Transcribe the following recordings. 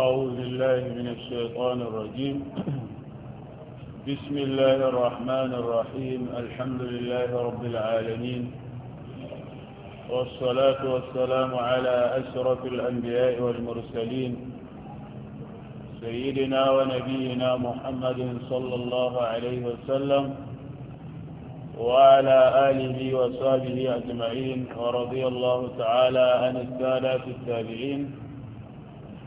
أعوذ بالله من الشيطان الرجيم بسم الله الرحمن الرحيم الحمد لله رب العالمين والصلاة والسلام على أشرف الأنبياء والمرسلين سيدنا ونبينا محمد صلى الله عليه وسلم وعلى آله وصحبه أجمعين ورضي الله تعالى عن السادات التابعين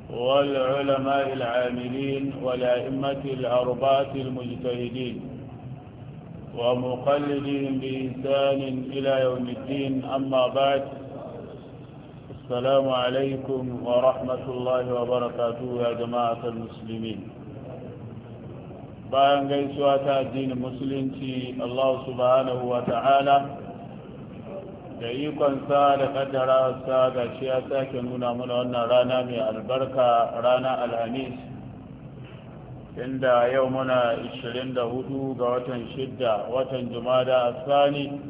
والعلماء العاملين والأئمة الأرباة المجتهدين ومقلدهم بإنسان إلى يوم الدين أما بعد السلام عليكم ورحمة الله وبركاته يا جماعة المسلمين bayan gaisuwa ta addinin الله سبحانه وتعالى da ikonsa da kaddararsa ga shi ya sake nuna mana wannan rana mai albarka rana alhamis inda yau muna 24 ga watan shidda watan jumada a sani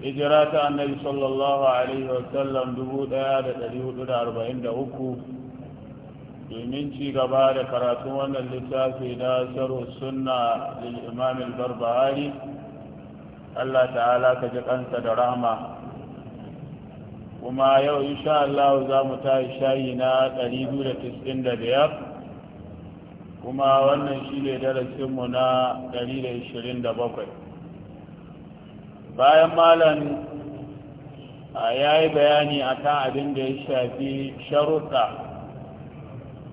hijira ta annabi sallallahu alaihi wasallam 1443 domin ci gaba da karatun wannan littafi na sharu sunna lil imam al-barbahari Allah ta'ala ka ji kansa da rahama kuma yau insha Allah za mu tashi shayi na 295 kuma wannan shi ne darasinmu na 127 bayan malam ya yi bayani a kan abin da ya shafi sharuɗa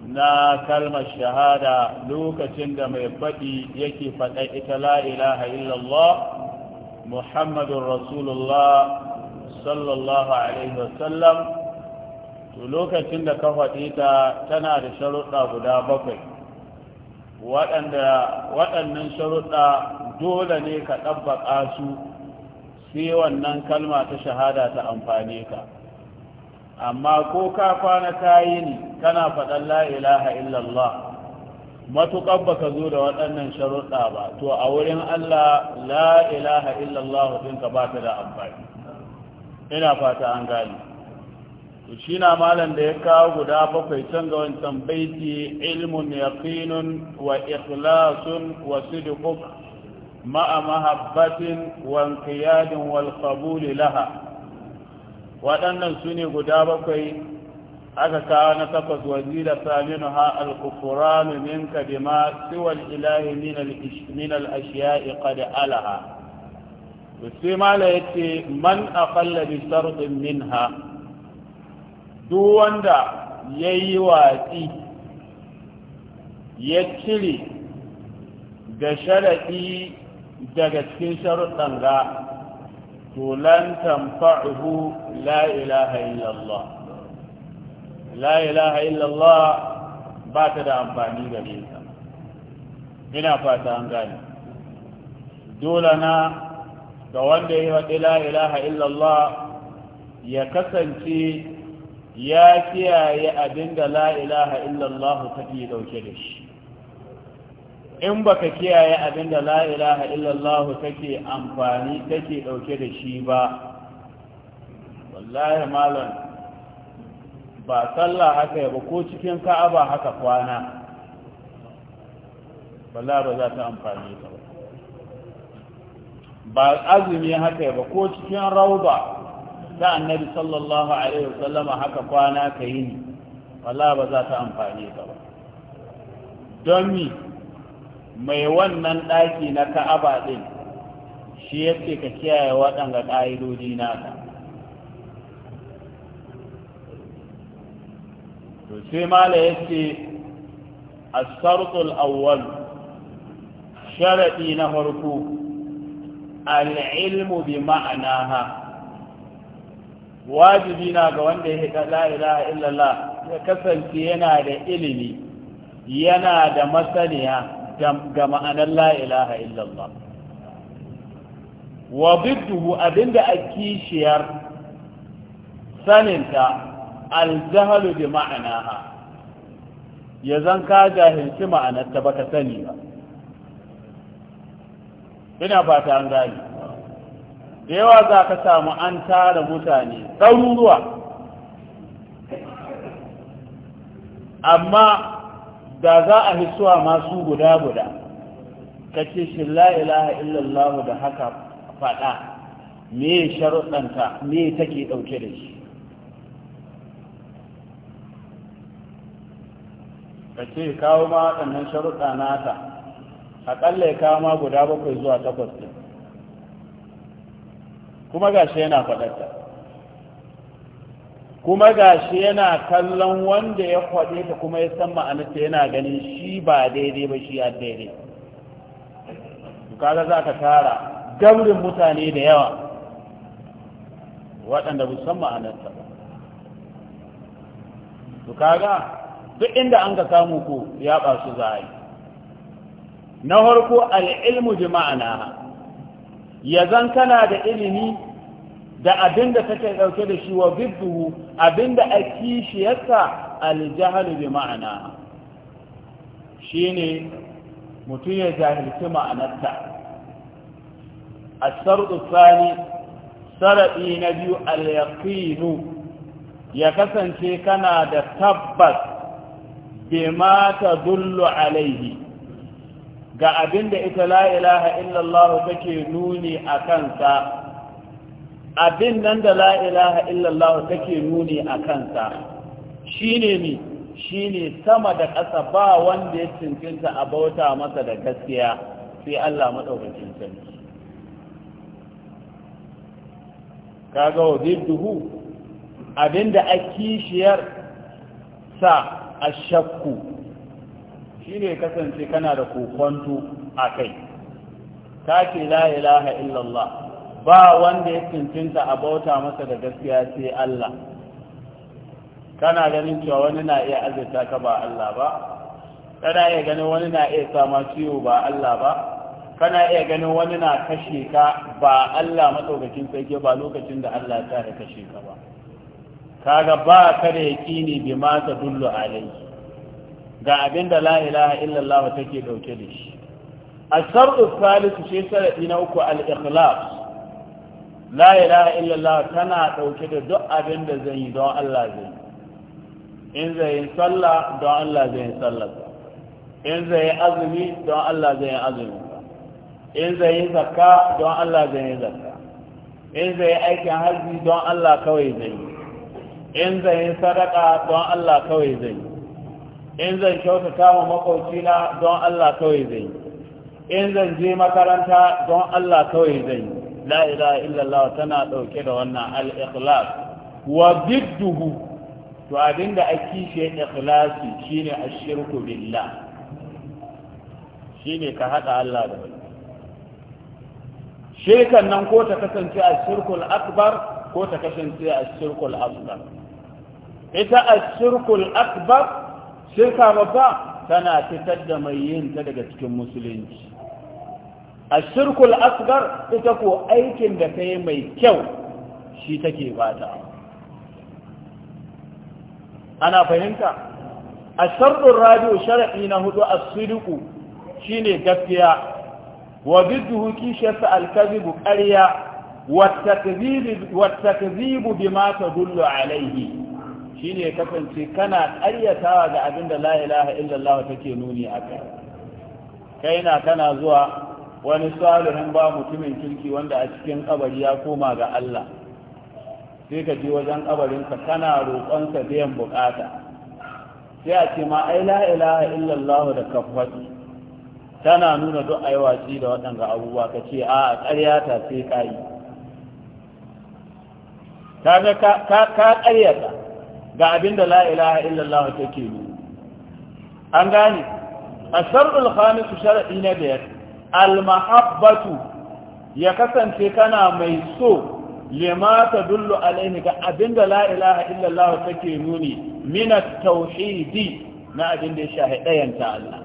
na kalmar shahada lokacin da mai faɗi yake faɗa ita la ilaha illallah محمد رسول الله صلى الله عليه وسلم to lokacin da ka faɗi ta tana da sharuɗa guda bakwai waɗannan sharuɗa dole ne ka ɗabbaƙa su sai wannan kalma ta shahada ta amfane ka amma ko ka kwana kayi ni, kana faɗan la ilaha illallah matuƙar baka zo da waɗannan sharuɗa ba to a wurin Allah la ilaha illallah ka ba ta da amfani ina fata an gani to shi na malam da ya kawo guda bakwai can ga wancan baiti ilmun yaqinun wa ikhlasun wa sidquk ma'a mahabbatin wa inqiyadin wal qabul laha waɗannan su ne guda bakwai aka kawo na takwas wazira saminu ha alkufuranu minka bima siwal ilahi min al'ashiya ashiyai alaha sai ya yace man aqalla bi min minha duk wanda yayi watsi ya cire da sharaɗi daga cikin sharuɗan ga to lan lailaha la ilaha la ilaha illallah ba ta da amfani gare ka ina fata an gane dole na ga wanda ya faɗi la ilaha illallah ya kasance ya kiyaye abin da la ilaha illallah take dauke da shi in ba ka kiyaye abin da la ilaha illallah take amfani take dauke da shi ba wallahi malam ba sallah haka yi ba ko cikin ka'aba haka kwana balla ba za ta amfani ta ba ba azumi haka yi ba ko cikin rauba ta annabi sallallahu alaihi wasallam haka kwana ka yi ni balla ba za ta amfani ta ba don mi mai wannan ɗaki na ka'aba ɗin shi yake ka kiyaye waɗanga ƙa'idodi naka to sai mala ce a shartul awwal sharaɗi na farko al'ilmu bi ma'anaha wajibi na ga wanda ya hada la illallah ya kasance yana da ilimi yana da masaniya ga ma'anar la ilaha illallah wa bidduhu abinda a kishiyar saninta aljahalu bi ma'anaha ya zan ka jahilci ma'anarta ba ka sani ba ina fata an gani da yawa za ka samu an tara mutane ɗaruruwa amma da za a hisuwa masu guda-guda ka ce shi la'ilaha illallahu da haka faɗa me sharuɗanta me take ɗauke da shi ka ce kawo ma waɗannan sharuɗa nata aƙalla ya kawo ma guda bakwai zuwa takwas ɗin kuma ga shi yana faɗarta kuma ga shi yana kallon wanda ya faɗe ta kuma ya san ma'anarta yana ganin shi ba daidai ba shi a daidai kaga za ka tara gamrin mutane da yawa waɗanda musamman ma'anarta ba to ga. duk inda an ka samu ku ya ba su na farko al'ilmu bi ma'ana ya zan kana da ilimi da abin da take ɗauke da shi wa bidduhu abin da a kishiyarsa aljahalu bi ma'ana shine mutum ya jahilci ma'anarta asarɗu sani saraɗi na biyu al ya kasance kana da tabbas bima Dullu alaihi ga abinda ita la ilaha illallah take nuni a kansa abin nan da la ilaha illallah take nuni a kansa shine ni shine sama da ƙasa ba wanda ya cincinta a bauta masa da gaskiya sai Allah madaukakin sarki kaga wa abinda a kishiyar sa ashakku shine kasance kana da kokonto akai Ta ce la ilaha illallah ba wanda ya cincinta a bauta masa da gaskiya sai Allah kana ganin cewa wani na iya azurta ka ba Allah ba kana iya ganin wani na iya sama ciwo ba Allah ba kana iya ganin wani na kashe ka ba Allah matsaukakin ke ba lokacin da Allah ya kashe ka ba kaga ba ka da yaƙini bi ma ta dullu alayhi ga abin da la ilaha illallah take dauke da shi asharu salisu shi sharadi na uku al-ikhlas la ilaha illallah tana dauke da duk abin da zan yi don Allah zai in zai yi sallah don Allah zai yi sallah in zai azumi don Allah zai yi azumi in zai yi zakka don Allah zai yi zakka in zai aikin hajji don Allah kawai zai yi in zan yi sadaka don Allah kawai zai in zan kyautata wa makaucina don Allah kawai zai in zan je makaranta don Allah kawai zai la ilaha illallah tana dauke da wannan al-ikhlas wa bidduhu to abinda ake shi ikhlasi shine ashirku billah shine ka hada Allah da wani shirkan nan ko ta kasance a shirkul akbar ko ta kasance a shirkul asghar ita a shirkul akbar shirka babba tana fitar da mai yin ta daga cikin musulunci a shirkul akbar ita ko aikin da ta yi mai kyau shi take bata ana fahimta a sharɗin radio shara'i na hudu a siriku shi ne gaskiya wa bidduhu kishiyarsa alkazibu ƙarya wata kazibu bi mata dullo alaihi shine ya kasance kana ƙaryatawa ga abin da la illallah take nuni a kai kai na kana zuwa wani salihin ba mutumin kirki wanda a cikin kabari ya koma ga Allah sai ka je wajen kabarinsa kana roƙonsa biyan bukata sai a ce ma ai la ilaha illallah da kafwati tana nuna duk ai watsi da waɗanga abubuwa ka ce a ƙarya ta sai ka yi ka ka ƙaryata ga abin da la ilaha illallah take nuni an gane asharul khamis shar'i na biyar al mahabbatu ya kasance kana mai so lima ta dullu alaini ga abinda la ilaha illallah take nuni min tauhidi na abin da ya shahi Allah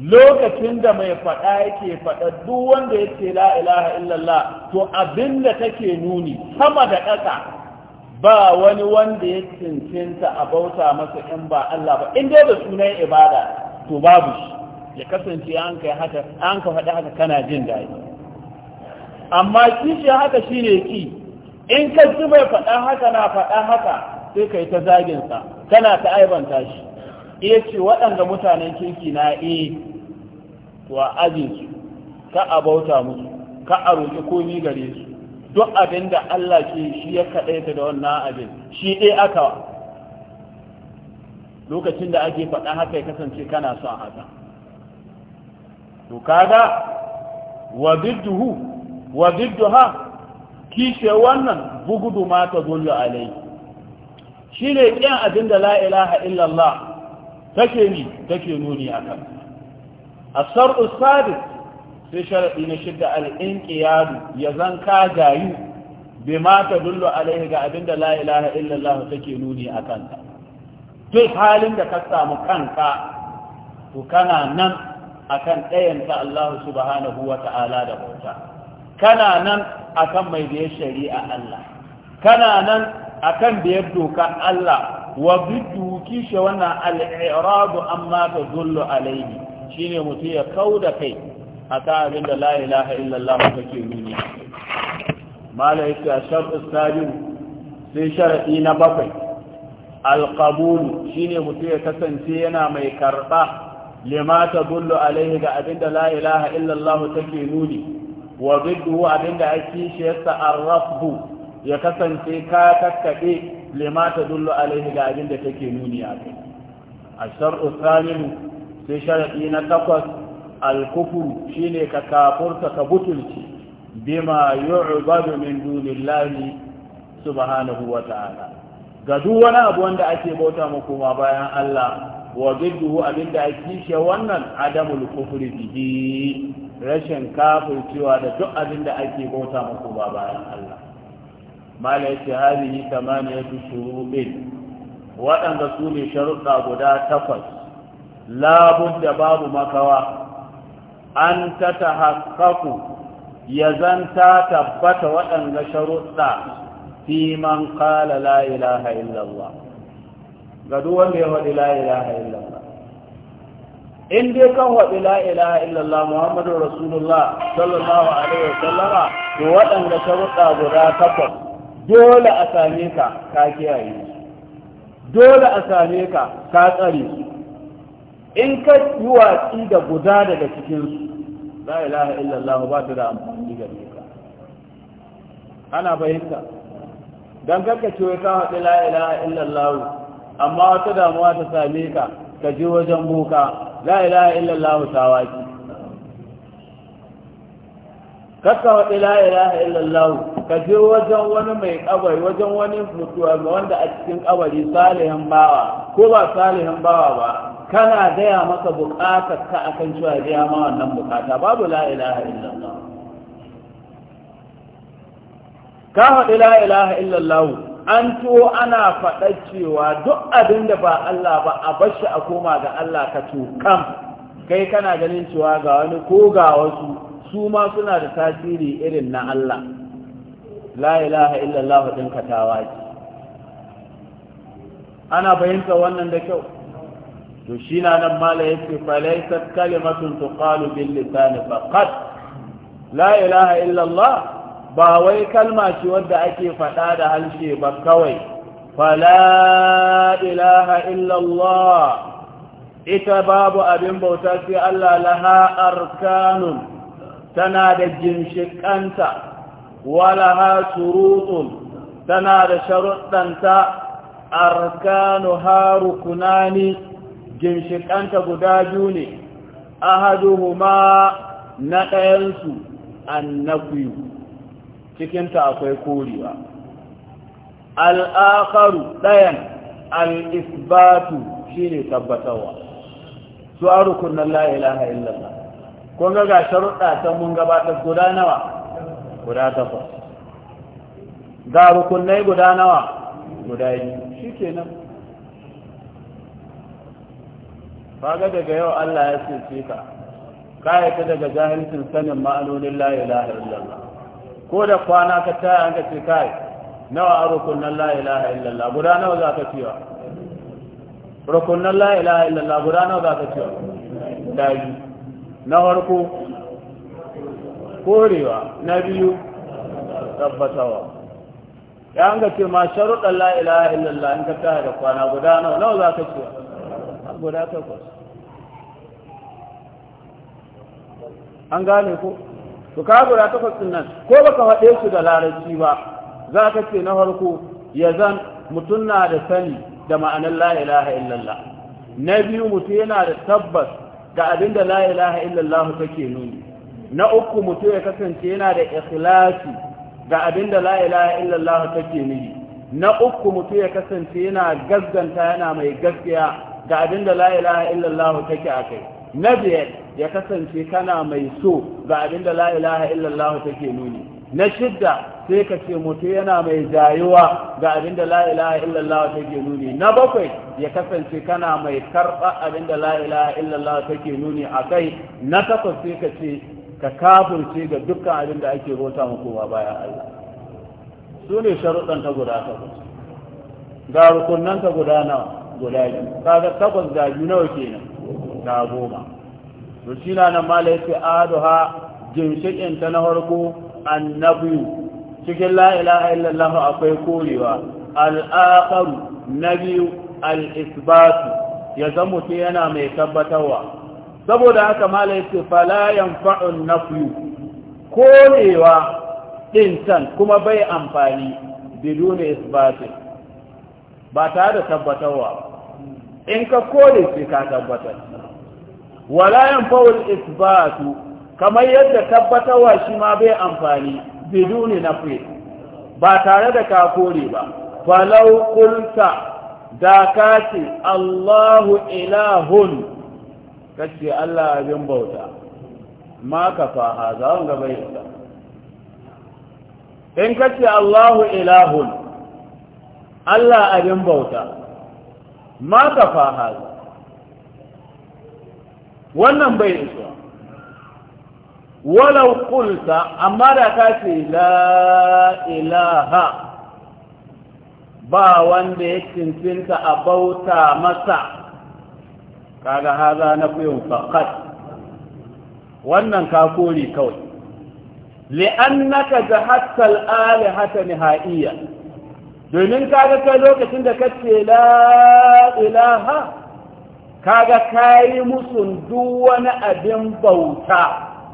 lokacin da mai faɗa yake faɗaɗɗu wanda ya ce la illallah to abin da take nuni sama da ƙasa ba wani wanda ya cincinta a bauta masa in ba Allah ba in dai da sunan ibada to babu shi ya kasance an kai haka an ka faɗi haka kana jin daɗi amma kishi haka shine ki in ka ji bai faɗa haka na faɗa haka sai kai ta zaginsa kana ta aibanta shi iya ce waɗanda mutanen kirki na iya eh, wa ajin ka a bauta musu ka a roƙi komi gare su duk abin da Allah ke shi ya kaɗaita da wannan abin shi ɗaya aka lokacin da ake faɗa haka ya kasance kana son haka to kaga wa bidduhu wa bidduha kishe wannan bugudu ma ta zullu alai shi ne abin da la ilaha illallah take ni take nuni akan asar usadis sai sharaɗi na shidda al'inƙiyadu ya zan ka gayu bai ma dullo alaihi ga abin da la'ilaha illallah take nuni a kanta duk halin da ka samu kanka to kana nan akan ɗayanta Allah subhanahu wa ta'ala da bauta kana nan akan mai biyar shari'a Allah kana nan akan biyar doka Allah wa biddu kishe wannan al'iradu amma dullo alaihi shine mutum ya kauda kai a kan abin da la ilaha illallah kake nuni mala yake a sharɗin sabiu sai sharaɗi na bakwai alƙabulu ne mutum ya kasance yana mai karɓa lima ta dullu alaihi ga abin da la ilaha illallah take nuni wa biddu abin da ake shi yasa arrafu ya kasance ka kakkaɓe lima ta dullu alaihi ga abin da take nuni a kai a sharɗin sai sharaɗi na takwas alkufuru shine ka kafurta ka butulci bima yu'badu min dunillahi subhanahu wa ta'ala ga duk wani abu wanda ake bauta mu kuma bayan Allah wa bidduhu abinda ake shi wannan adamul kufri bihi rashin kafircewa da duk abinda ake bauta mu kuma bayan Allah mala yace hadihi tamaniyatu shuru'in waɗanda su ne sharuɗa guda takwas labun da babu makawa an ta tahakkaku ya zanta tabbata waɗanda sharuɗa fi man qala la ilaha illallah ga duk wanda ya faɗi la ilaha illallah in dai kan faɗi la ilaha illallah muhammadu rasulullah sallallahu alaihi wa sallama to waɗanda sharuɗa guda takwas dole a same ka ka kiyaye dole a same ka ka tsare su in ka yi watsi da guda daga cikinsu la ilaha illallah ba ta da amfani ga ka ana fahimta don karka ce wai ka haɗi la ilaha illallah amma wata damuwa ta same ka ka je wajen boka la ilaha illallah ta waki kakka haɗi la ilaha illallah ka je wajen wani mai kabari wajen wani mutuwa wanda a cikin kabari salihin bawa ko ba salihin bawa ba kana gaya maka bukatar ka akan cewa biya ma wannan bukata babu la ilaha illallah ka haɗi la ilaha illallah an to ana faɗa cewa duk abin da ba Allah ba a bashi a koma ga Allah ka tukam kai kana ganin cewa ga wani ko ga wasu su ma suna da tasiri irin na Allah la ilaha illallah ɗin ka ana fahimta wannan da kyau to shi na nan mala ya ce falaisat kalimatun tuqalu bil lisan faqat la ilaha illa Allah ba wai kalma ce wadda ake faɗa da harshe ba kawai fala ilaha illa Allah ita babu abin bauta sai Allah laha arkanun tana da ginshiƙanta walaha surutun tana da sharuɗanta arkanu ha rukunani gimshikanta guda biyu ne ahaduhuma na ɗayansu biyu, cikinta akwai korewa al'akaru ɗayan al'isbatu shi ne tabbatawa su a rukunan la'ilaha illallah kun ga sharuɗa ta mun gabatar guda nawa guda takwas ga rukunai guda nawa guda yi shi nan kaga daga yau Allah ya cece ka kayata daga jahilcin sanin ma'anonin la ilaha illallah ko da kwana ka taya an ka ce kai nawa a rukunan la ilaha illallah guda nawa za ka cewa rukunan la ilaha illallah guda nawa za ka cewa dari na farko korewa na biyu tabbatawa ya an ga ce ma sharuɗan la ilaha illallah in ka taya da kwana guda nawa nawa za ka cewa guda takwas an gane ko su ka guda takwas din nan ko baka haɗe su da larabci ba za ka ce na farko ya zan mutum na da sani da ma'anar la ilaha illallah na biyu mutum yana da tabbas ga abin da la ilaha illallah take nuni na uku mutum ya kasance yana da ikhlasi ga abin da la ilaha illallah take nuni na uku mutum ya kasance yana gaskanta yana mai gaskiya da abin da la ilaha illallah take a kai na biyar ya kasance kana mai so ga abin da la ilaha illallah take nuni na shidda sai ka ce mutu yana mai jayuwa ga abin da la ilaha illallah take nuni na bakwai ya kasance kana mai karɓa abin da la ilaha illallah take nuni a kai na takwas sai ka ce ka kafurce ga dukkan abin da ake rota ma kowa bayan Allah su ne ta guda takwas ga rukunan ta guda nawa guda biyu kaga takwas biyu nawa kenan ga goma to shi na nan mala yace aduha ginshikin ta na farko annabi cikin la ilaha illallah akwai korewa al-akhar nabi al-isbat ya zamo ce yana mai tabbatarwa saboda haka mala yace fala yanfa'u nafyu korewa din can kuma bai amfani biduni isbatin ba tare da tabbatarwa ba in ka kore sai ka tabbatar wala yanfa'ul isbatu kamar yadda tabbatarwa shi ma bai amfani biduni fi ba tare da ka kore ba falau qulta da ka ce Allahu ilahun kace Allah abin bauta ma ka fa haza wanga bai isa in kace Allahu ilahun Allah abin bauta ma kafa haza wannan bai isuwa walau kulta amma da ka ce la ilaha ba wanda ya cincinta a bauta masa kaga haza na kuyin fakat wannan ka kori kawai li'annaka jahatta al'alihata nihaiya domin ka ga kai lokacin da kace la ilaha ka kai musu duk wani abin bauta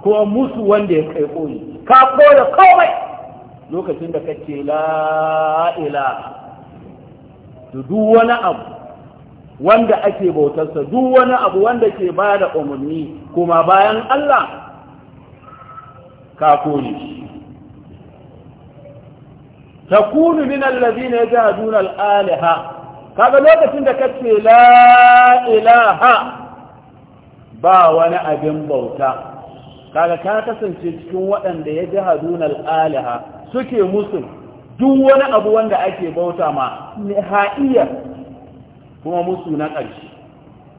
ko musu wanda ya kai koyi ka kore komai lokacin da kace la ilaha to duk wani abu wanda ake bautarsa duk wani abu wanda ke ba da umarni kuma bayan Allah ka kore shi takunu min ya ji al kaga lokacin da kace la ilaha ba wani abin bauta kaga ka kasance cikin waɗanda ya ji hadunar alaha suke musu duk wani abu wanda ake bauta ma nihaiya kuma musu na ƙarshe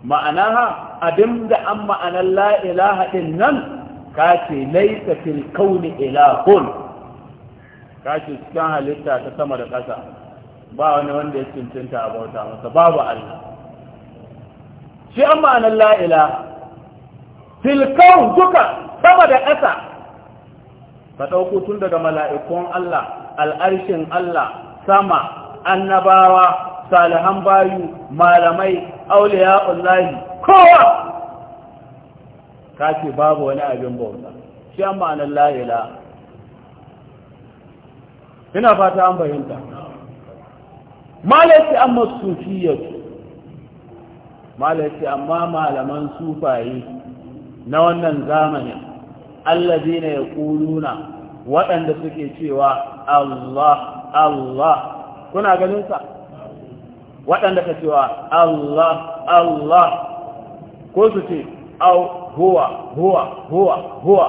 ma'ana ha abin da an ma'anar la'ilaha din nan ka ce laisa kauni ilahun kashi cikin halitta ta sama da ƙasa ba wani wanda ya cincinta a bauta masa babu Allah shi an ma'anar la'ila filkau duka sama da ƙasa ka ɗauko tun daga mala'ikun Allah al'arshin Allah sama annabawa salihan bayu malamai auliya ullahi kowa ka ce babu wani abin bauta shi an ma'anar la'ila ina fata an bayanta malaki amma sufiyatu malaki amma malaman sufaye na wannan zamanin allazi ne ya ƙuluna waɗanda suke cewa Allah Allah kuna ganinsa waɗanda ka cewa Allah Allah ko su ce au huwa huwa huwa huwa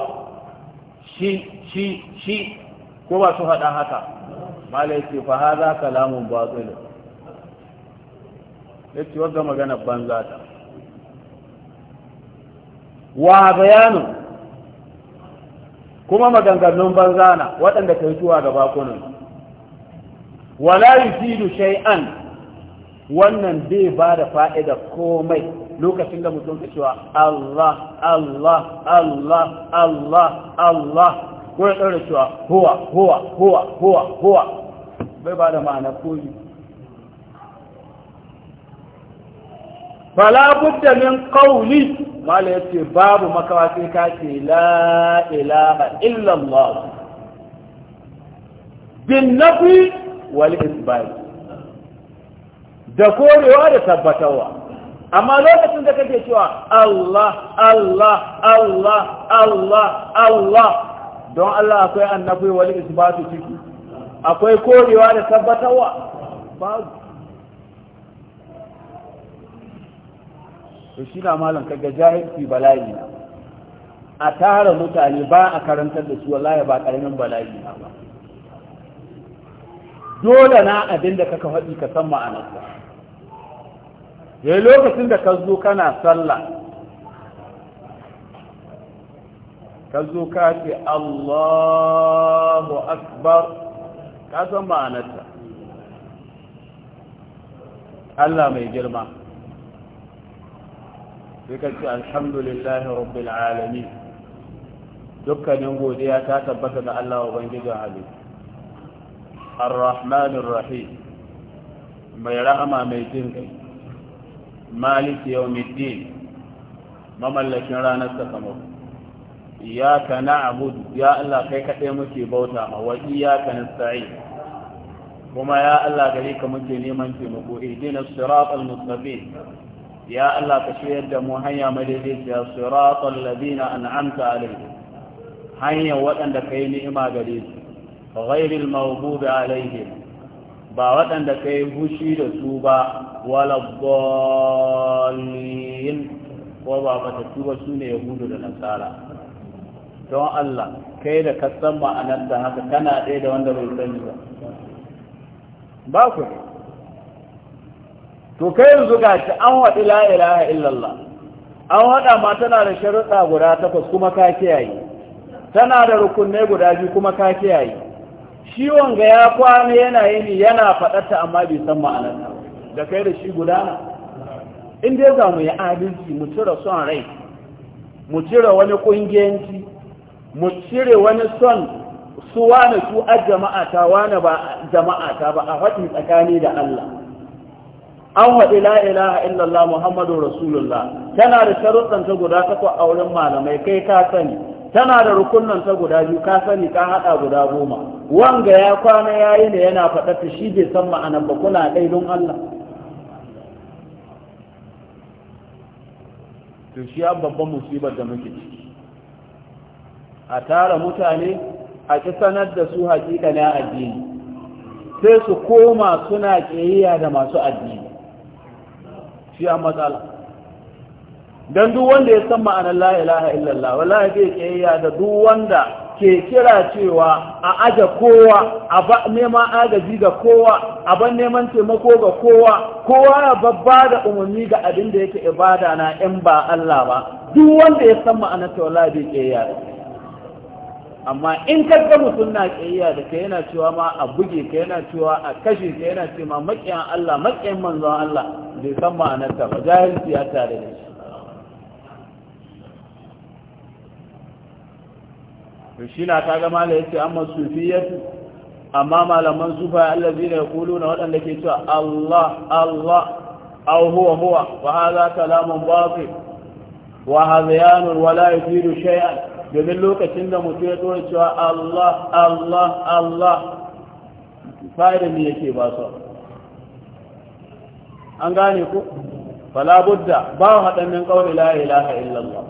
shi shi shi ko ba su haɗa haka ya ce fa haza kalamun batil yace wanda magana banza ta wa bayanu kuma maganganun banza na waɗanda kai tuwa ga bakunan wala yufidu shay'an wannan bai ba da fa'ida komai lokacin da mutum ka cewa Allah Allah Allah Allah Allah Allah ko ya ɗaura cewa huwa huwa huwa huwa huwa bai ba da ma'ana koyi fala budda min qawli mala yace babu makawa sai ka ce la ilaha illa allah bin nafi wal isbai da korewa da tabbatarwa amma lokacin da kake cewa Allah Allah Allah Allah Allah don Allah akwai annabi wani isbatu ciki akwai korewa da tabbatarwa babu to shi na malam kaga jahilci bala'i na a tara mutane ba a karantar da su wallahi ba karamin bala'i na ba dole na abin kaka faɗi ka san ma'anarsa yayin lokacin da ka zo kana sallah ka zo ka ce Allahu akbar ka san ma'anarta Allah mai girma sai ka ce alhamdulillahi rabbil alamin dukkanin godiya ta tabbata da Allah ubangijin halittu الرحمن الرحيم mai rahama mai jin kai maliki yau middin mamallakin ranar sakamako Ya iyaka na'budu ya Allah kai kaɗai muke bauta wa iyaka nasta'in kuma ya Allah gare ka muke neman taimako ihdina siratal mustaqim ya Allah ka shiryar da mu hanya madaidaiciya siratal ladina an'amta alaihim hanya waɗanda kai ni'ima gare su ghairil maghdubi alaihim ba waɗanda kai hushi da su ba wala dallin ko ba ba su ba sune yahudu da nasara don Allah kai da ka san ma'anar da haka kana ɗaya da wanda bai sani ba ba ku to kai yanzu ga shi an waɗi la ilaha illallah an waɗa ma tana da sharuɗa guda takwas kuma ka kiyaye tana da rukunne guda biyu kuma ka kiyaye shi wanga ya kwana yana yini yana faɗarta amma bai san ma'anarta da kai da shi guda in dai za mu yi adalci mu cire son rai mu cire wani ƙungiyanci mu cire wani son su wane su a jama'ata wane ba jama'ata ba a haɗin tsakani da Allah an haɗi la a illallah muhammadu rasulullah tana da sharuɗan guda takwa a wurin malamai kai ka sani tana da rukunan ta guda biyu ka sani ka haɗa guda goma wanga ya kwana ya yi ne yana faɗa ta shi bai san ma'anar ba kuna ɗai don Allah to shi babban musibar da muke ciki a tara mutane a ci sanar da su hakika na addini sai su koma suna ƙiyayya da masu addini shi a matsala don duk wanda ya san ma'anar la ilaha illallah wallahi zai ƙiyayya da duk wanda ke kira cewa a aja kowa a ba neman agaji ga kowa a ban neman taimako ga kowa kowa ya babba da umarni ga abin da yake ibada na in ba Allah ba duk wanda ya san ma'anar tawala bai ke amma in ka ga mutum na kiyaya da kai yana cewa ma a buge ka yana cewa a kashe ka yana ce ma makiyan Allah maƙiyan manzon Allah bai san ma'anar ta ba jahilci ya tare da shi to shi na kaga mala yace amma sufiyatu amma malaman sufa allazina na wadanda ke cewa Allah Allah aw huwa huwa wa hadha kalamun batil wa hadhiyanun wa la yufidu shay'an domin lokacin da mutu ya tsoro cewa Allah Allah Allah fa'ida ne yake ba su an gane ku fala budda ba hadannin qawli la ilaha illallah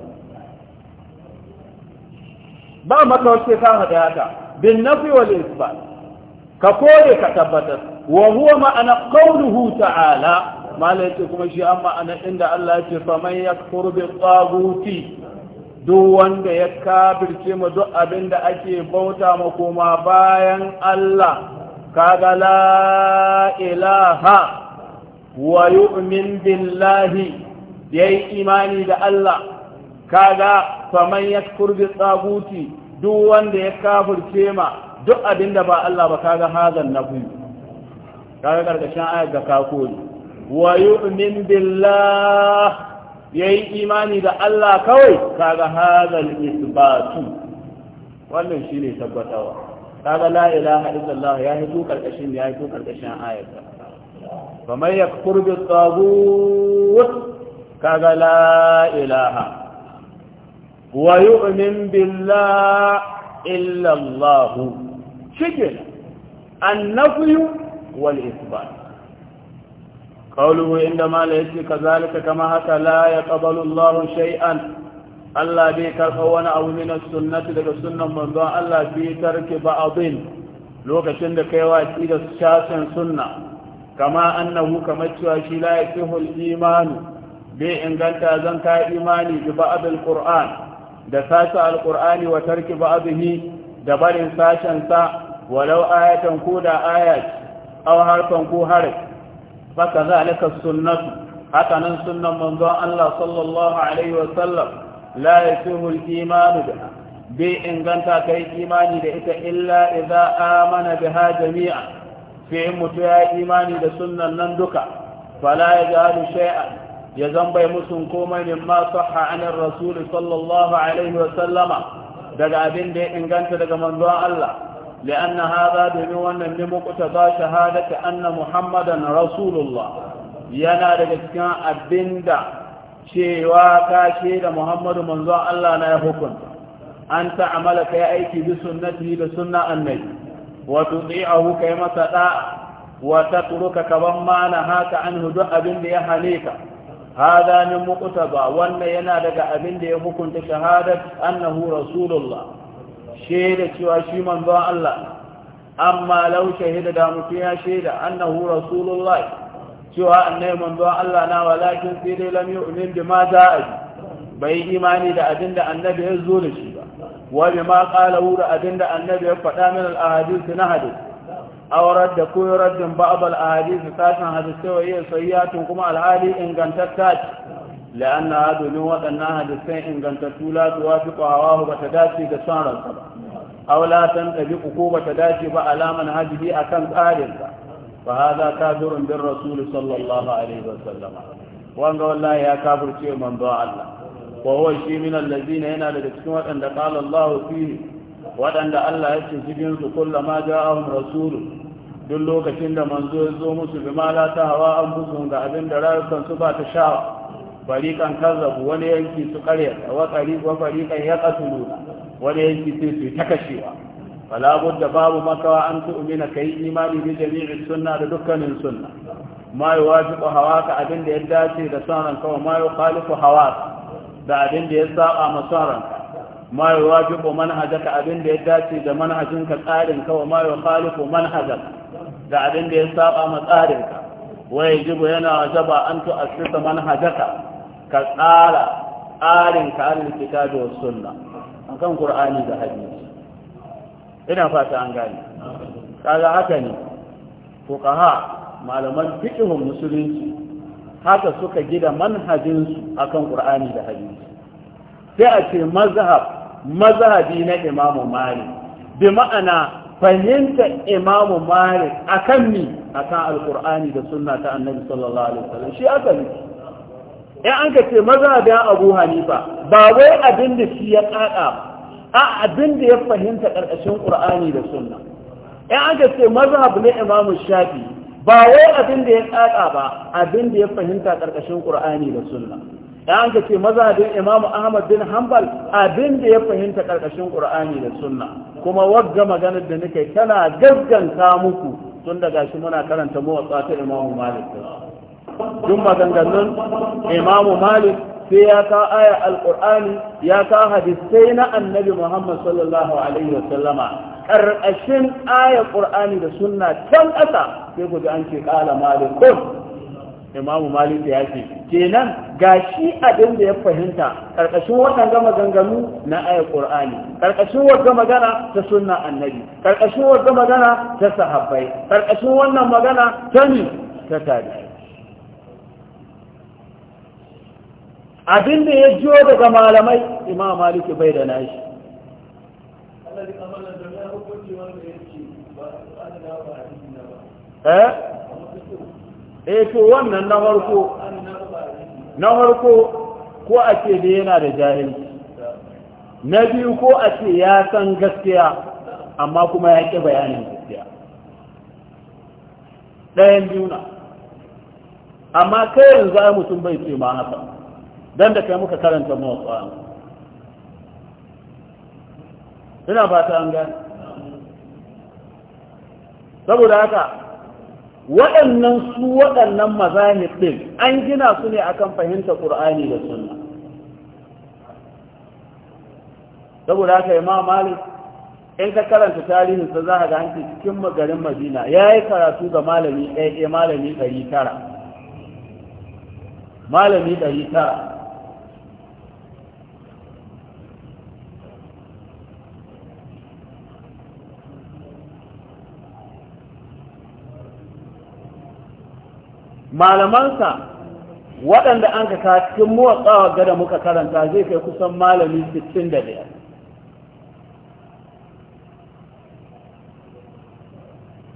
ba maka wace ka hada haka bin nafi wa isbat ka kore ka tabbatar wa huwa ma'ana qawluhu ta'ala ala, yace kuma shi an ma'ana inda Allah ya ce faman ya bi tsaguti duk wanda ya kafirce ma duk abin da ake bauta ma kuma bayan Allah kaga la ilaha wa yu'min billahi yayi imani da Allah kaga faman yakfur bi tsaguti duk wanda ya kafirce ma duk abin da ba Allah ba kaga hazan nafi kaga karkashin ayat ga kakoli wa yu'min billahi yayi imani da Allah kawai kaga hadal isbatu wannan ne tabbatawa kaga la ilaha illallah ya yi hito karkashin ya yi hito karkashin ayata faman yakfur bi tagut kaga la ilaha wa yu'min billah illa Allah shikenan annafiyu wal isbat قوله إنما ليس كذلك كما هكا لا يقبل الله شيئا الله بيكر فوانا أو من السنة لك السنة من دون الله بيكرك بعضين لوك شندك يواتيد الشاسع سنة كما أنه كما تشواشي لا يسيه الإيمان بإن قلت أذنك إيماني ببعض القرآن دساسة القرآن وترك بعضه دبر ساشا سا ولو آية كودا آية أو حرفا كو حرف faka zalika sunnatu haka nan sunnan manzon Allah sallallahu alaihi wa sallam la yasuhu al-iman bi inganta kai imani da ita illa idza amana biha jami'a fi mutu ya imani da sunnan nan duka fala yajalu shay'an ya zambai musun komai ne ma sahha an rasul sallallahu alaihi wa sallama daga abin da ya inganta daga manzon Allah لأن هذا دموانا لمقتضى شهادة أن محمدا رسول الله ينا لكسكان أبين دا شيواكا شيد محمد منذ الله لا يحكم أن تعمل كأيك بسنته بسنة النبي وتطيعه كما تداء وتترك كما نهاك عنه دع أبين دي حنيك هذا من مقتضى وأن ينا لك أبين دي حكم شهادة أنه رسول الله shaida cewa shi manzon Allah amma lau shahida da mutum ya shaida annahu rasulullahi cewa annabi manzon Allah na walakin sai dai lam yu'min bima za'a bai imani da abinda annabi ya zo da shi ba wa bima qala abinda annabi ya faɗa min al ahadith na hadith aw da ko raddin ba'd al ahadith sasan hadith wa iya sayyatun kuma al hali ingantatta la'anna domin waɗannan hadisai ingantattu la tuwafiqu hawahu bata dace da son ba A la tantabiqu ko bata dace ba alaman hadihi akan tsarin sa fa hadha kafirun bir rasul sallallahu alaihi wa sallam wanga wallahi ya kafirce manzo Allah wa huwa shi yana daga cikin waɗanda qala Allah waɗanda Allah ya ce cikin su kullama ja'ahum rasulun duk lokacin da manzo ya zo musu bi ta hawa an bugun ga rayukan su ba ta fariƙan kazzabu wani yanki su ƙaryata wa fariƙan ya ƙasuluna wani yanki sai su ta kashewa fala da babu makawa an ka yi imani bi jami'i sunna da dukkanin sunna ma hawa ka abin da ya dace da sanan kawa ma yukhalifu hawaka da abin da ya saba ma sauran sanan ma yuwafiqu manhajaka abin da ya dace da manhajin ka tsarin kawa ma yukhalifu manhajaka da abin da ya saba ma tsarin ka. wa yajibu yana wajaba an tu'assisa manhajaka ka tsara tsarin ka an likita da wasu sunna a kan ƙur'ani da hadisi ina fata an gani ƙaga haka ne ha malaman fikihun musulunci haka suka gida manhajinsu akan ƙur'ani da hadisi sai a ce mazhab mazhabi na imam malik bi ma'ana fahimta imam malik akan ni akan Alƙur'ani da sunna ta annabi sallallahu alaihi wasallam shi aka ne ya an ka ce maza da abu hanifa ba wai abin da shi ya kada a abin da ya fahimta ƙarƙashin qur'ani da sunna ya an ka ce maza ne imam shafi ba wai abin da ya kada ba abin da ya fahimta ƙarƙashin ƙur'ani da sunna ya an ka ce da imam ahmad bin hanbal abin da ya fahimta ƙarƙashin ƙur'ani da sunna kuma wagga maganar da nake tana gagganta muku tun daga shi muna karanta mawatsa ta imam malik duk maganganun imamu malik sai ya ka aya alƙur'ani ya ka hadisai na annabi muhammad sallallahu alaihi wa sallama aya da sunna can ƙasa sai ku ji an ce qala malikun imamu malik ya ce kenan gashi abin da ya fahimta wannan gama ganganu na aya ƙur'ani. Ƙarƙashin wata magana ta sunna annabi Ƙarƙashin wata magana ta sahabbai Ƙarƙashin wannan magana ta ni ta tarihi abin da ya jiyo daga malamai imam maliki bai da nashi eh? eh to wannan na farko na farko ko a ce da yana da jahilci na biyu ko a ce ya san gaskiya amma kuma ya ƙi bayanin gaskiya ɗayan biyu na amma kayan za mutum bai ce ma haka dan da kai muka karanta mawatsa ina fata an gane saboda haka waɗannan su waɗannan mazahib ɗin an gina su ne akan fahimta ƙur'ani da sunna saboda haka imam malik in ka karanta tarihin sa za ka ga hanci cikin garin madina ya yi karatu ga malami ɗaya malami ɗari tara malami ɗari tara malamansa waɗanda an ka ta cikin motsawa gada muka karanta zai kai kusan malami 65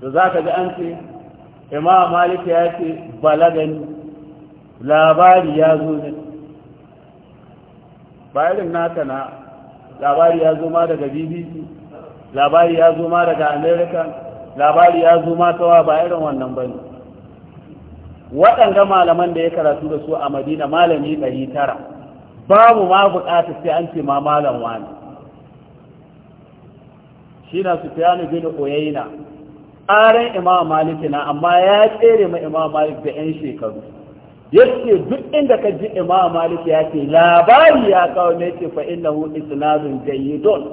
da za ka ga an ce imam malik ya ce balagani labari ya zo ne bayanin naka na labari ya zo ma daga bbc labari ya zo ma daga america labari ya zo ma tawa ba irin wannan bane Waɗanda malaman da ya karatu da su a madina malami ɗari tara babu ma buƙatar sai an ce ma malam wani shi na su fiyanu bin oyayina ƙarin imam maliki na amma ya tsere ma imam malik da 'yan shekaru yake duk inda ka ji imam malik ya ce labari ya kawo ne ce fa innahu isnadun jayyidun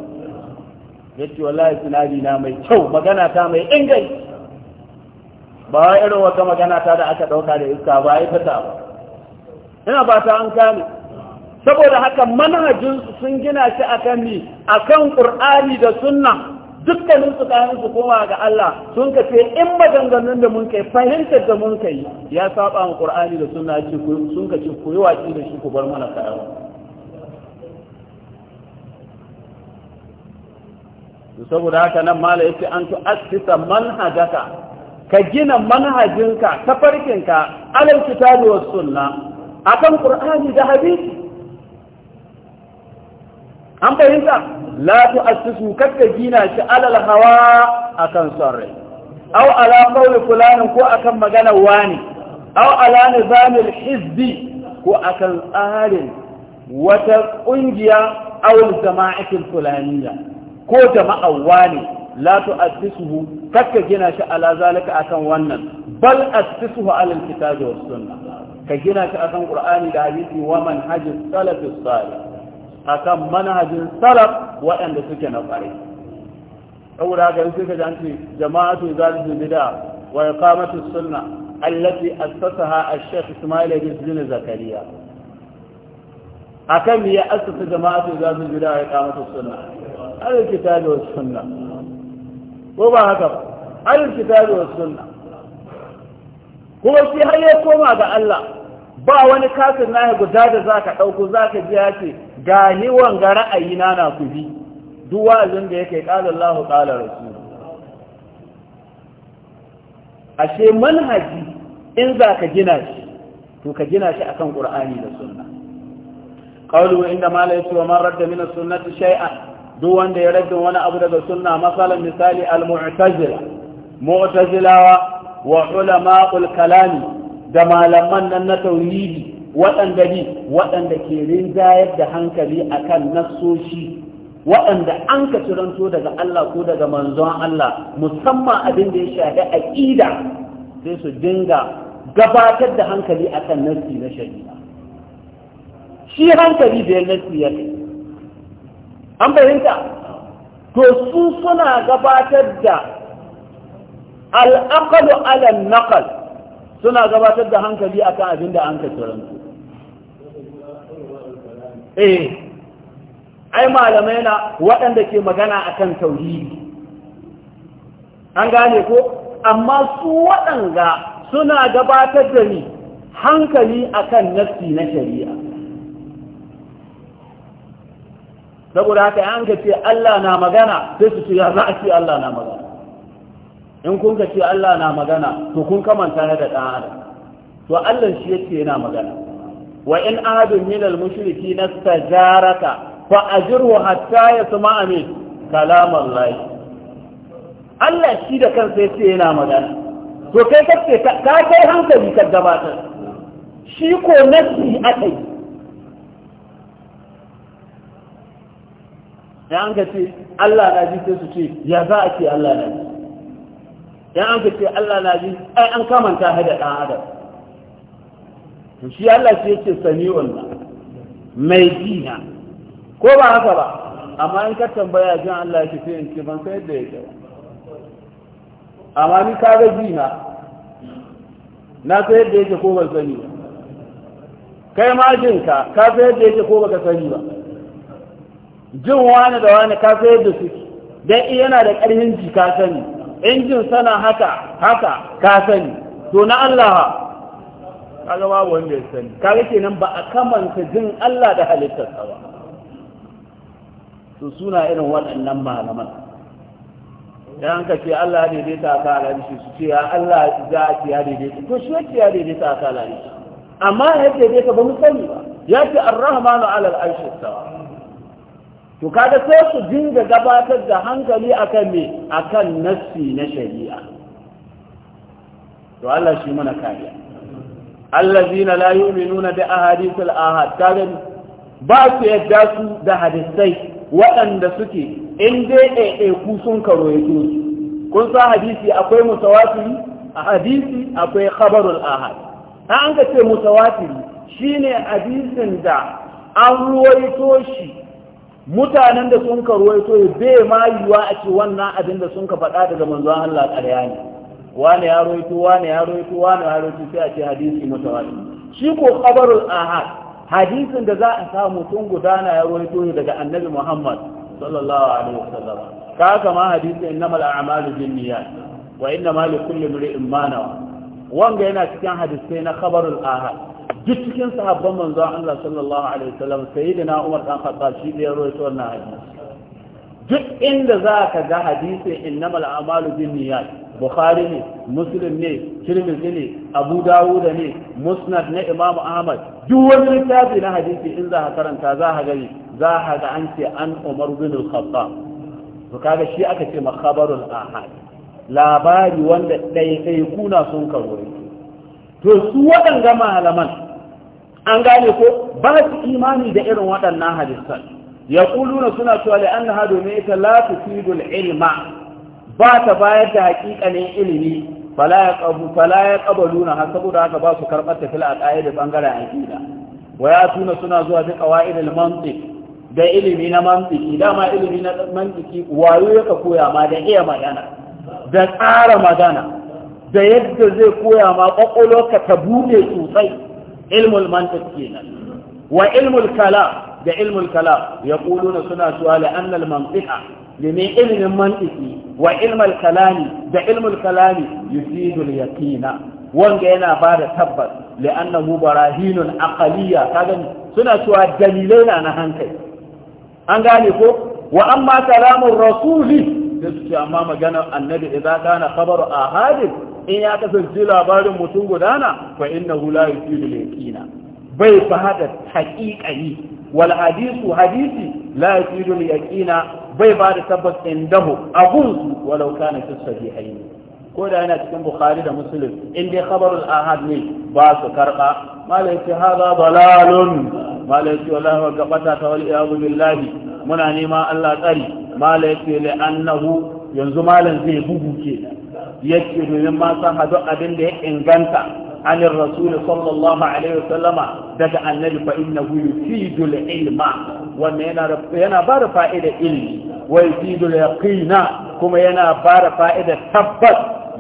yace wallahi isnadi na mai kyau magana ta mai inganci ba irin wata magana ta da aka ɗauka da iska ba ya fita ba ina ba ta an kame saboda haka manhajin sun gina shi a kan ni kan ƙur'ani da sunna dukkanin su kayan su koma ga Allah sun ka ce in maganganun da mun kai fahimtar da mun kai ya saba mu ƙur'ani da sunna ce sun ka ce koyi waƙi da shi ku bar mana kayan saboda haka nan malai yace an to assisa manhajaka ka gina manhajinka tafarkinka alal kitabi sunna akan qur'ani da hadisi an fahimta la kar kakka gina shi alal hawa akan sarri aw ala qawli Fulani ko akan magana wani aw ala nizamil hizbi ko akan tsarin wata ƙungiya au jama'atul fulaniya ko jama'a wani la tu'assisuhu kakka gina shi ala zalika akan wannan bal assisuhu ala alkitabi was sunna ka gina shi akan qur'ani da hadisi wa manhajis salafis salih akan manhajin salaf waɗanda suke na ƙwarai saboda haka sai ka janci jama'atu zalimin bid'a wa iqamatu sunna allati assasaha ash-shaykh Ismail ibn Zakariya akan ya assasa jama'atu zalimin bid'a wa iqamatu sunna al-kitabi was sunna ko ba haka ba alil kitabi wa sunna kuma shi har ya koma ga Allah ba wani kafin nahi guda da zaka dauko zaka ji yace gani ga ni wanga ra'ayi na na ku bi duk wa'azin da yake qala Allah qala rasul ashe manhaji in zaka gina shi to ka gina shi akan qur'ani da sunna qawlu inda ma laysa wa man radda min as-sunnati shay'an duk wanda ya raddin wani abu daga sunna masalan misali al-mu'tazila mu'tazilawa wa kalami da malaman nan na tauhidi waɗanda bi waɗanda ke rinjayar da hankali akan nassoshi waɗanda an ka ciranto daga Allah ko daga manzon Allah musamman abin da ya shafi aƙida sai su dinga gabatar da hankali akan nassi na shari'a shi hankali da ya nassi ya kai an fahimta to su suna gabatar da al'akalu alal naqal suna gabatar da hankali akan abin da an ka kiransu eh ai malamai na waɗanda ke magana akan tauhidi an gane ko amma su waɗanda suna gabatar da ni hankali akan nafi na shari'a saboda haka an ka ce Allah na magana sai su ce ya za a ce Allah na magana in kun ka ce Allah na magana to kun kamanta da ɗan to Allah shi yake yana magana wa in ahadun min al mushriki nastajaraka fa ajirhu hatta yasma'a min kalam Allah Allah shi da kansa yake yana magana to kai kace ka kai hankali ka gabatar shi ko nasi akai ya an ce Allah na ji sai su ce ya za a ce Allah na ji ya an ka ce Allah na ji ai an kamanta hada ɗan adam to shi Allah shi yake sani wannan mai ji ko ba haka ba amma in ka tambaya jin Allah yake sai in ce ban sai da yake amma ni ka ga ji na san sai yadda yake ko ban sani ba kai ma jinka ka sai yadda yake ko baka sani ba jin wani da wani ka sayar da suke dan yana da ƙarfin ji ka sani injin sana haka haka ka sani to na Allah kaga babu wanda ya sani kaga kenan ba a kamanta jin Allah da halittarsa ba to suna irin waɗannan malaman dan ka ce Allah ya daidaita ka shi su ce ya Allah za ki ya daidaita to shi yake ya daidaita ka shi amma ya daidaita ba mu sani ba ya ce ar-rahmanu ala al-arshi to kaga sai su dinga gabatar da hankali akan me akan nassi na shari'a to Allah shi mana kariya allazina la yu'minuna bi ahadithil ahad kaga ba su yadda su da hadisai waɗanda suke in dai ku sun karo ya su kun sa hadisi akwai mutawatiri a hadisi akwai khabarul ahad ta an ka ce mutawatiri shine hadisin da an ruwaito shi mutanen da sun ka ruwaito ya bai ma yiwuwa a ce wannan abin da sun ka faɗa daga manzon Allah ƙarya ne wani ya ruwaito wani ya ruwaito wani ya ruwaito sai a ce hadisi mutawatir shi ko khabarul ahad hadisin da za a samu tun gudana ya ruwaito daga annabi Muhammad sallallahu alaihi wasallam ka kama hadisi innamal a'malu binniyat wa innamal likulli imrin ma nawa wanga yana cikin hadisai na khabarul ahad duk cikin sahabban manzo Allah sallallahu alaihi wasallam sayyidina Umar dan Khattab shi ne ya rawaito wannan hadisi duk inda za ka ga hadisi innamal a'malu binniyat bukhari ne muslim ne tirmidhi ne abu dawud ne musnad na imam ahmad duk wani littafi na hadisi in za ka karanta za ka gani za ka ga an ce an umar bin al-khattab to kaga shi aka ce makhabarul ahad labari wanda ɗaiɗai kuna sun karori to su waɗanga malaman an gane ko ba su imani da irin waɗannan hadisan ya kuluna suna cewa da an ha ne ita la tufidul ilma ba ta bayar da haƙiƙanin ilimi fala ya ƙabalu na haka, saboda haka ba su karɓar ta a aqaid da ɓangaren aqida wa ya tuna suna zuwa da qawaidul mantiq da ilimi na mantiki dama ilimi na mantiki wayo yaka koya ma da iya magana da tsara magana da yadda zai koya ma ka ta buɗe sosai ilmul mantiq kenan wa ilmul kala da ilmul ya kuluna suna cewa la anna al mantiqa limin ilmin mantiki wa ilmul kalami da ilmul kalami yufidu al-yaqina wanda yana bada tabbas li'annahu barahinun aqaliyya kaga suna cewa dalilai na na hankali an gane ko wa amma salamun rasuli sai su amma maganar annabi idan kana khabaru ahadin in ya kasance labarin mutum gudana fa innahu la yufidu al bai fa hada haqiqani wal hadithu hadisi la yufidu al bai ba da tabbas indahu abun walau kana fi sahihaini ko da yana cikin bukhari da musulun in dai khabarul ahad ne ba su karba malai haza hada dalalun malai ce wallahi wa gabata ta wal iyadu billahi muna nema Allah tsari malai li annahu yanzu malam zai bugu ke yake domin ma san hadu abin da ya inganta عن الرسول صلى الله عليه وسلم دك yana فإنه يفيد العلم وأن ينا بار فائدة علم ويفيد kuma yana ba da fa'ida ثبت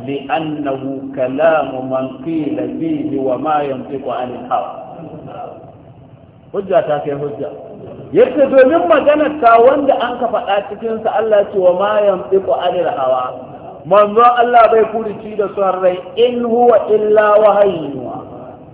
لأنه كلام من قيل فيه وما ينطق عن الهوى hujja ta kai hujja yadda domin maganar ta wanda an ka faɗa cikin sa Allah ce wa ma yamtiqu anil hawa manzo Allah bai furici da son rai in huwa illa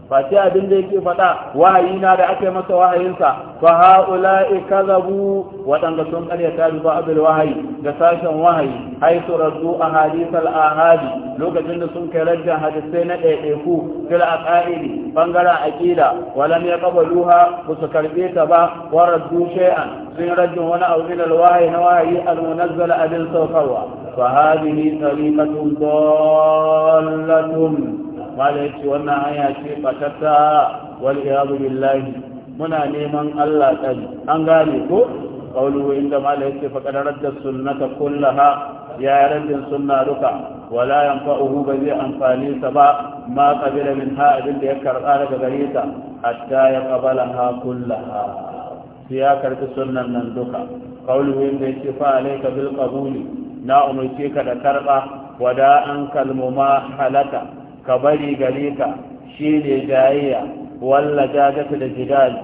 sai abin da yake faɗa Wahayi na da aka yi masa wahayinsa fa ha'ula'i kazabu waɗanda sun ta bi ba'dul wahayi da sashen wahayi hay suraddu ahadithal ahadi lokacin da sun kai rajja hadisai na ɗaiɗaiku fil aqaidi bangaren aqida walam yaqbaluha su karbe ta ba wa raddu shay'an sun rajja wani abu min wahayi na wahayi al abin saukarwa fa hadhihi tariqatun dallatun mala ya wannan hanya ce batatta wal iyadu billahi muna neman Allah tsari an gane ko qawluhu inda mala ya ce faqad radda sunnata kullaha ya raddin sunna duka wala yanfa'uhu ba zai amfani sa ba ma qabila min ha abin da ya karba daga gare ta hatta ya qabalaha kullaha sai ya karbi sunnan nan duka qawluhu inda yake fa alayka bil qabuli na umarce ka da karba wada an kalmuma halaka ka bari gare ka shi ne jayayya walla jajata da jidali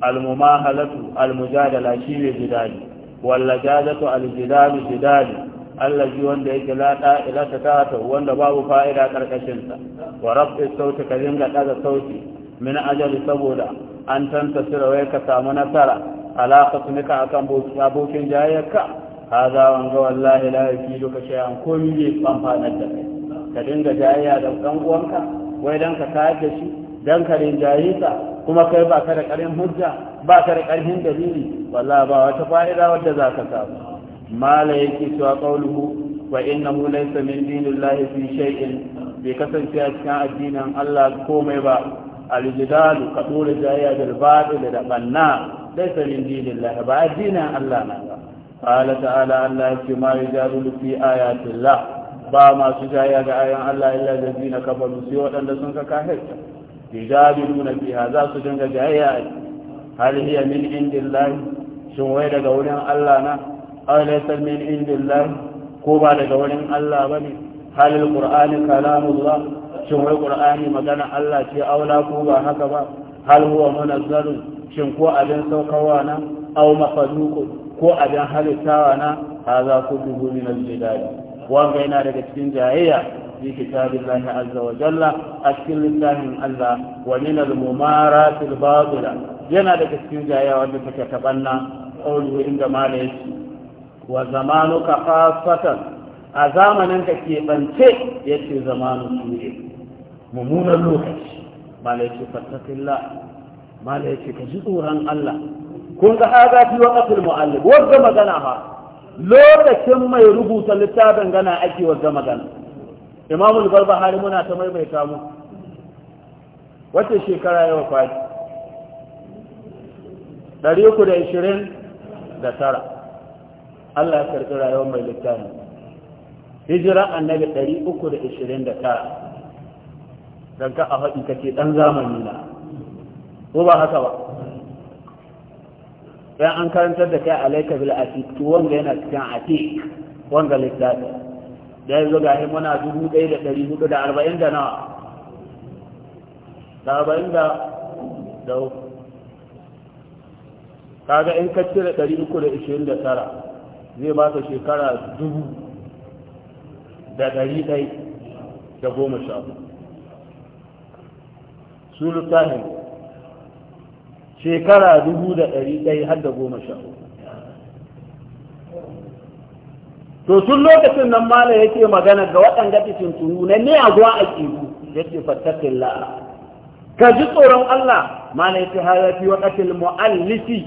almumahalatu almujadala shi ne jidali walla jajata aljidalu jidali ji wanda yake la da'ilata ta wanda babu fa'ida karkashin sa wa rabbi sauti ka dinga daga sauti min ajali saboda an tantasira wai ka samu nasara alaƙa sunika akan abokin Ka haza wanga wallahi la yafi duka shayan komi bai amfanar da kai ka dinga jayayya da ɗan uwanka wai dan ka kayar da shi dan ka rinjaye ka kuma kai ba ka da ƙarin hujja ba ka da ƙarfin dalili wallahi ba wata fa'ida wadda za ka samu mala yake cewa qauluhu wa innahu laysa min dinillahi fi shay'in bai kasance a cikin addinin Allah komai ba aljidalu ka dole jayya da batil da banna laysa min dinillahi ba addinin Allah na ba qala ta'ala Allah ya ce ma yajadilu fi ayatillah ba masu jaya ga ayan Allah illa lazina kafaru sai waɗanda sun ka kafirta yujadiluna fiha za su dinga jayayya hal hiya min indillahi shin wai daga wurin Allah na aw laysa min indillahi ko ba daga wurin Allah bane hal alqur'ani kalamullah shin wai qur'ani magana Allah ce aula ko ba haka ba hal huwa munazzalun shin ko abin saukawa na aw makhluq ko abin halittawa na hadha kulluhu min al-jidali wanga yana daga cikin jayayya fi kitabillahi azza wa jalla a cikin littafin Allah wa min al-mumaratil batila yana daga cikin jayayya wanda take tabanna, banna qawluhu inda mala yake wa zamanuka khassatan a zamanin ka ke bance yace zamanu suri mummunan lokaci mala yake fatakillah mala yake ka ji tsoron Allah kun ga haza fi waqtil muallif wanda magana ma lokacin mai rubuta littafin gana ake wadda magana imamu al-barbahari muna ta mai mai kamu wacce shekara ishirin da 329 Allah ya karɓi rayuwar mai littafi hijira annabi 329 don ka a haɗi kake ɗan zamani na ko ba haka ba sai an karantar da kai alaika bil asiq to wanda yana cikin atiq wanda littafi da yanzu ga hin muna dubu ɗaya da ɗari hudu da arba'in da nawa da arba'in da da kaga in ka cire ɗari uku da ishirin da tara zai ba ka shekara dubu da ɗari ɗai da goma sha su littafin shekara dubu da ɗari ɗaya har da goma sha to tun lokacin nan mala yake magana ga waɗanda cikin tunu na ne a zuwa a ƙiru yake fattakin la'a ka ji tsoron Allah mala yake haya fi waƙatil mu'allisi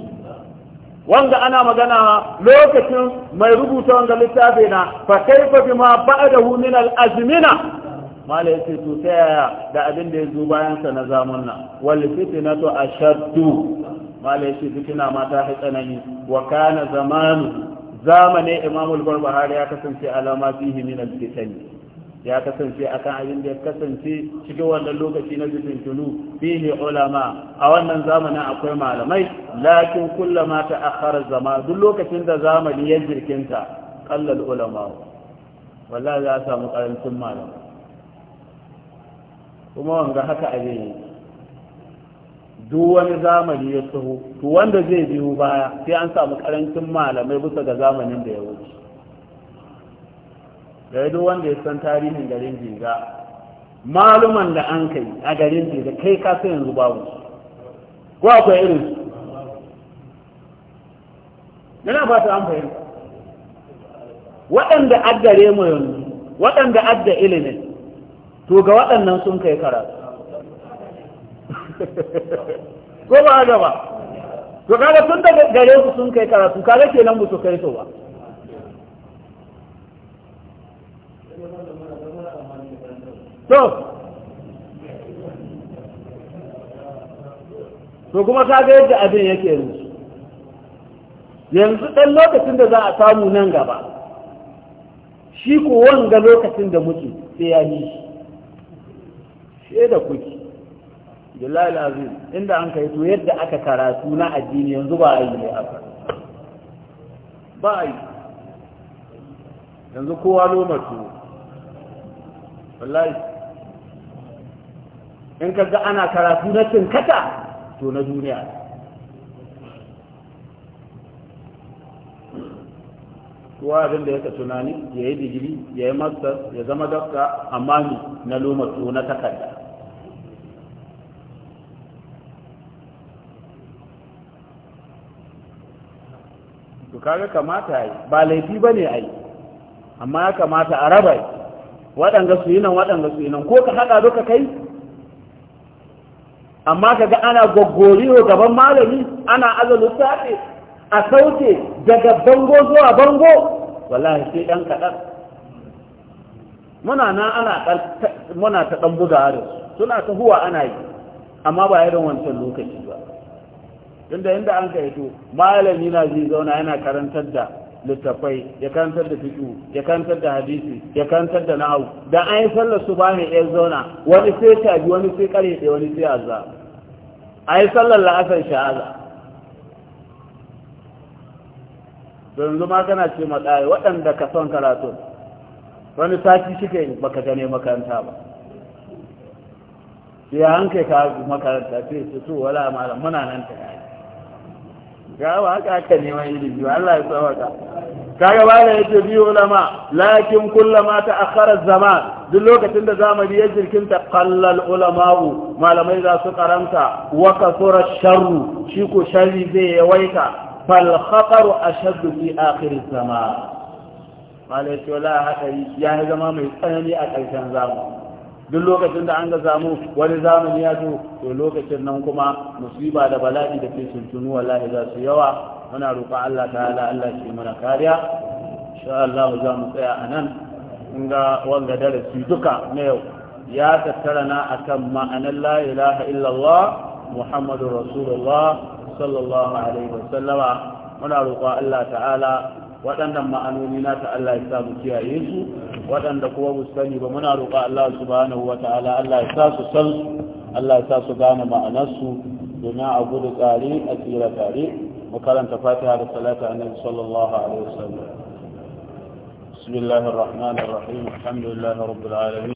wanda ana magana lokacin mai rubuta wanga littafi na fa kaifa bima ba'dahu min al-azmina mala to ta yaya da abin da ya zo bayan sa na zamanna wal fitnatu ashaddu mala yace fitina ma ta fi tsanani wa kana zamanu zamanin imamu al-barbahari ya kasance alama fihi min al-fitani ya kasance akan abin da ya kasance cikin wannan lokaci na fitintunu fihi ulama a wannan zamanin akwai malamai lakin kullama ta akhara zama duk lokacin da zamani ya jirkinta qallal ulama wallahi ya samu karancin malamai kuma wanga haka a zai duk wani zamani ya taho to wanda zai biyu baya sai an samu karancin malamai bisa ga zamanin da ya wuce da duk wanda ya san tarihin garin jiga maluman da an kai a garin jiga kai ka sai yanzu babu ko akwai irin su yana ba ta an fahimta waɗanda aggare mu yanzu waɗanda adda ilimin to ga waɗannan sun kai karatu ko ba a gaba to kaga tun da gare su sun kai karatu kaga nan musu kai so ba to to kuma kaga yadda abin yake yanzu yanzu ɗan lokacin da za a samu nan gaba shi ko wanga lokacin da muke sai ya yi shi ke da kuki billahi azim inda an kai to yadda aka karatu na addini yanzu ba a yi ne aka ba a yi yanzu kowa loma tuwo wallahi in ka ga ana karatu na cinkata to na duniya kowa abin da yaka tunani ya yi digiri ya yi master ya zama dafka amma na lomato tuwo na takarda kaga kamata ai ba laifi bane ai amma ya kamata a raba waɗanda su yi nan waɗanda su yi nan ko ka haɗa duka kai amma kaga ana gwaggoriyo gaban malami ana azalu safe a sauke daga bango zuwa bango wallahi sai ɗan kaɗan muna na ana muna ta ɗan buga harin suna ta huwa ana yi amma ba irin wancan lokaci ba tunda inda an ka hito malami na zai zauna yana karantar da littafai ya karantar da fiƙu ya karantar da hadisi ya karantar da nahawu da an yi sallar su ba mai ya zauna wani sai shabi wani sai kare ɗaya wani sai azza a yi sallar la'asar sha'aza yanzu ma kana ce ma ɗaya waɗanda ka son karatun. wani sati shi ka yi baka gane makaranta ba ya hankali ka makaranta sai su wala malam muna nan ta yi ga ba haka aka neman ilimi Allah ya tsawaka kaga bala yace bi ulama lakin kullama ta'akhkhara zaman duk lokacin da zamani ya ta qallal ulama'u malamai za su karanta wa kasura sharru shi ko sharri zai yawaita fal a ashaddu fi akhir zaman malai to la hadari ya zama mai tsanani a ƙarshen zamani duk lokacin da an ga samu wani zamani ya zo to lokacin nan kuma musiba da bala'i da ke tuntunu wallahi za su yawa muna roƙa Allah ta'ala Allah shi mana kariya insha Allah za mu tsaya a nan in ga wanga darasi duka na yau ya tattara na akan ma'anar la ilaha illallah muhammadur rasulullah sallallahu alaihi wasallama muna roƙa Allah ta'ala waɗannan ma'anoni na ta Allah ya sa mu kiyaye su waɗanda kuma mu sani ba muna roƙa Allah subhanahu wataala Allah ya sa su san Allah ya sa su gane ma'anarsu domin a gudu tsare a tsira tare mu karanta fatiha da salatu annabi sallallahu alaihi wasallam بسم